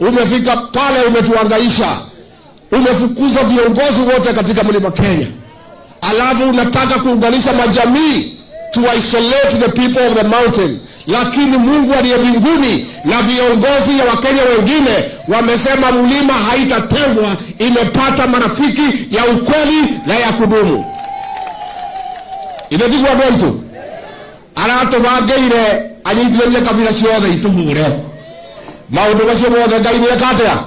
Umefika pale umetuangaisha, umefukuza viongozi wote katika mlima Kenya, alafu unataka kuunganisha majamii to isolate the people of the mountain. Lakini Mungu aliye mbinguni na viongozi ya Wakenya wengine wamesema mlima haitatengwa, imepata marafiki ya ukweli na ya kudumu ithethigwa baitu aratũbangeire anyitithanie kabila ciothe itũhũre maundu macio mothe ngai ni ekatä a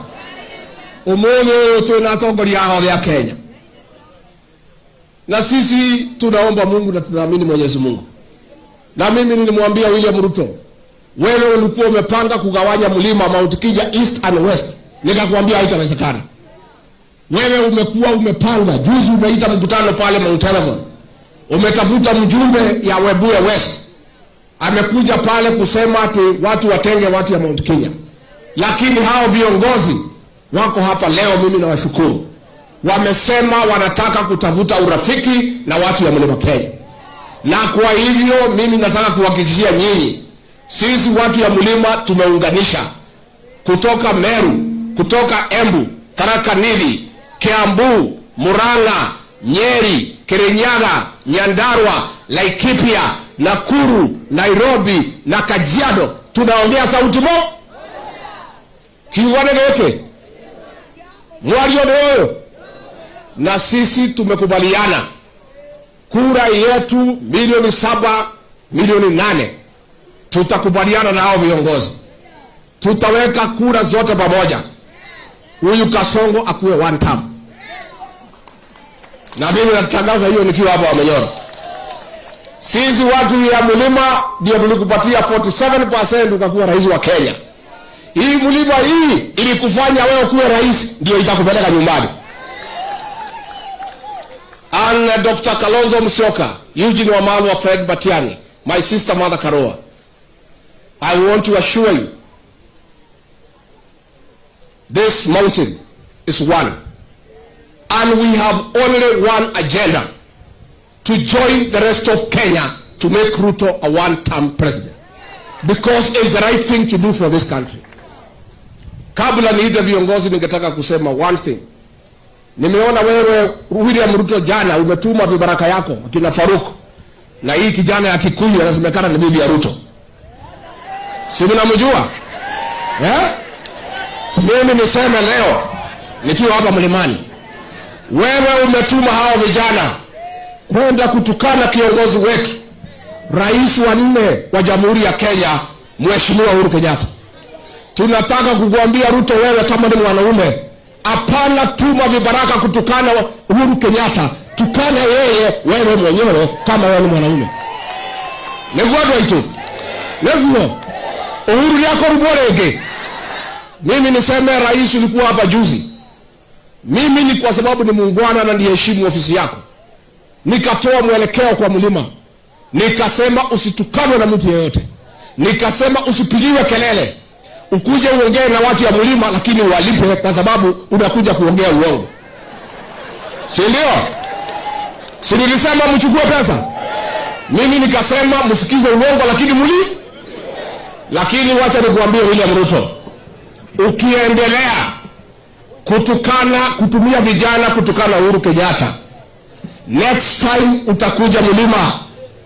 umuthi uyu twä na atongoria othe a Kenya na sisi tunaomba Mungu na tunaamini Mwenyezi Mungu. Na mimi nilimwambia William Ruto, wewe ulikuwa umepanga kugawanya mlima Mount Kenya East and West, nikakwambia haitawezekana. Wewe umekuwa umepanga, juzi umeita mkutano pale Mount Elgon, umetafuta mjumbe ya Webuye West, amekuja pale kusema ati watu watenge watu ya Mount Kenya. Lakini hao viongozi wako hapa leo, mimi nawashukuru. Wamesema wanataka kutafuta urafiki na watu wa Mlima Kenya, na kwa hivyo mimi nataka kuhakikishia nyinyi, sisi watu ya mlima tumeunganisha kutoka Meru, kutoka Embu, Tharaka Nithi, Kiambu, Murang'a, Nyeri, Kirinyaga, Nyandarua, Laikipia, Nakuru, Nairobi na Kajiado, tunaongea sauti moja kiuga ni mwari undu uyu na sisi tumekubaliana kura yetu milioni saba milioni nane tutakubaliana na hao viongozi, tutaweka kura zote pamoja, huyu Kasongo akuwe one term. Na mimi natangaza hiyo nikiwa hapa Wamenyoro. Sisi watu ya mlima ndio tulikupatia 47% ukakuwa rais wa Kenya hii mlima hii ilikufanya wewe kuwe rais, ndio itakupeleka nyumbani. And Dr. Kalonzo Musyoka, Eugene wa Fred batiani my sister mother karoa I want to assure you this mountain is one and we have only one agenda to join the rest of Kenya to make Ruto a one-term president because it's the right thing to do for this country. Kabla niite viongozi, ningetaka kusema one thing. Nimeona wewe William Ruto jana umetuma vibaraka yako akina Faruk na hii kijana ya Kikuyu anasemekana ni bibi ya Ruto, si mnamjua eh? Mimi niseme leo nikiwa hapa mlimani, wewe umetuma hao vijana kwenda kutukana kiongozi wetu, rais wa nne wa jamhuri ya Kenya, Mheshimiwa Uhuru Kenyatta. Tunataka kukuambia Ruto, wewe kama ni mwanaume, hapana tuma vibaraka kutukana Uhuru Kenyatta, tukana yeye wewe mwenyewe kama wewe ni mwanaume. neguadwaitu neguo Uhuru yako ruborege. Mimi niseme rais, ulikuwa hapa juzi, mimi ni kwa sababu ni muungwana na niheshimu ofisi yako, nikatoa mwelekeo kwa mlima, nikasema usitukanwe na mtu yeyote, nikasema usipigiwe kelele ukuje uongee na watu ya mlima, lakini walipe, kwa sababu unakuja kuongea uongo, si ndio? Si nilisema mchukue pesa, mimi nikasema msikize uongo, lakini muli. Lakini wacha nikuambie, William Ruto, ukiendelea kutukana, kutumia vijana kutukana Uhuru Kenyatta, next time utakuja mlima,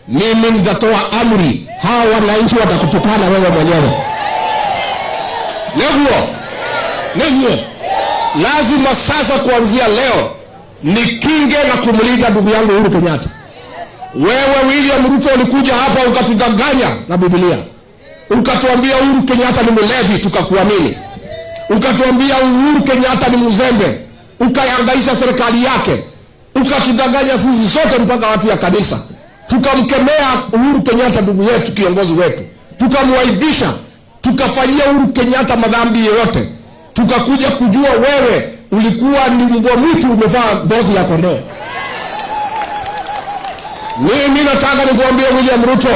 mimi nitatoa amri, hawa wananchi watakutukana wewe mwenyewe. Neguo neguo, lazima sasa kuanzia leo nikinge na kumlinda ndugu yangu Uhuru Kenyatta. Wewe William Ruto ulikuja hapa ukatudanganya na Biblia, ukatuambia Uhuru Kenyatta ni mlevi, tukakuamini. Ukatuambia Uhuru Kenyatta ni mzembe, ukayangaisha serikali yake, ukatudanganya sisi sote, mpaka watu ya kanisa. Tukamkemea Uhuru Kenyatta, ndugu yetu, kiongozi wetu, tukamwaibisha tukafanyia Uhuru Kenyatta madhambi yeyote tukakuja kujua wewe ulikuwa ni mbwa mwitu umevaa ngozi ya kondoo. Mimi nataka nikuambie William Ruto,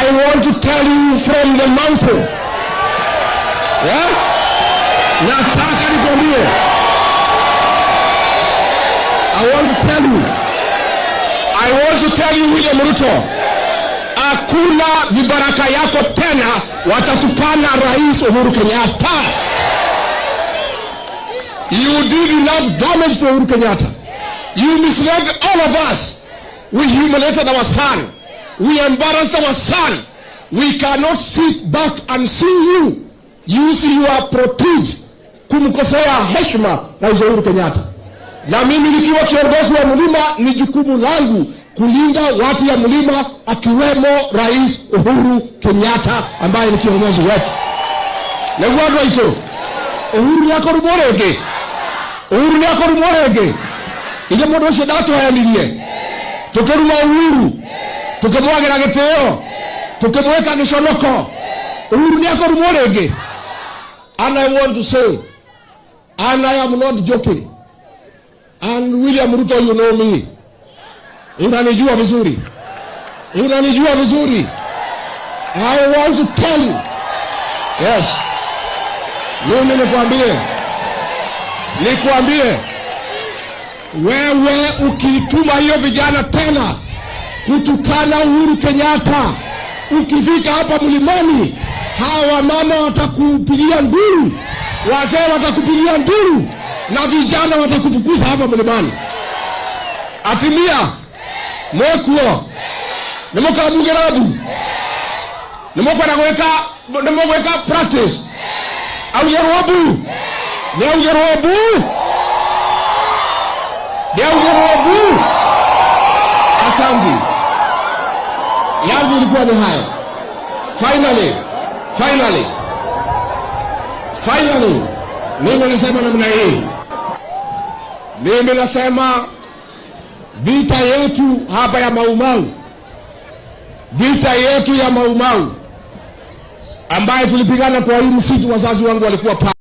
I want to tell you from the mountain yeah? Nataka nikuambie, I want to tell you, I want to tell you William Ruto Hakuna vibaraka yako tena, watatupana Rais Uhuru Kenyatta. You did enough damage to Uhuru Kenyatta. You misled all of us. We humiliated our son. We embarrassed our son. We cannot sit back and see you use your protege kumkosea heshima Rais Uhuru Kenyatta. Na mimi nikiwa kiongozi wa mlima, ni jukumu langu kulinda watu ya mlima akiwemo Rais Uhuru Kenyatta ambaye ni kiongozi wetu negwandwaitå uhuru niakorumwo rĩngĩ uhuru niakorumwo rĩngĩ ithe mũndũ ũcio ndatũheanirie tũkĩruma uhuru tũkĩmwagĩra gĩtĩo tũkĩmwĩka gĩconoko uhuru niakorumwo rĩngĩ and i want to say and i am not joking and william ruto you know me unanijua vizuri, unanijua vizuri. I want to tell you. Yes. Mimi nikwambie, nikwambie wewe, ukituma hiyo vijana tena kutukana Uhuru Kenyatta, ukifika hapa mlimani, hawa mama watakupigia nduru, wazee watakupigia nduru na vijana watakufukuza hapa mlimani. Atimia mwekuo nimukamuge rabu nimukwenda gwika nimugwika practice auge rwobu niauge rwobu niauge bu asandi yangu ilikuwa ni haya finally finally finally mimi nasema namna hii mimi nasema Vita yetu hapa ya Maumau, vita yetu ya Maumau ambayo tulipigana kwa hii msitu, wazazi wangu walikuwa pa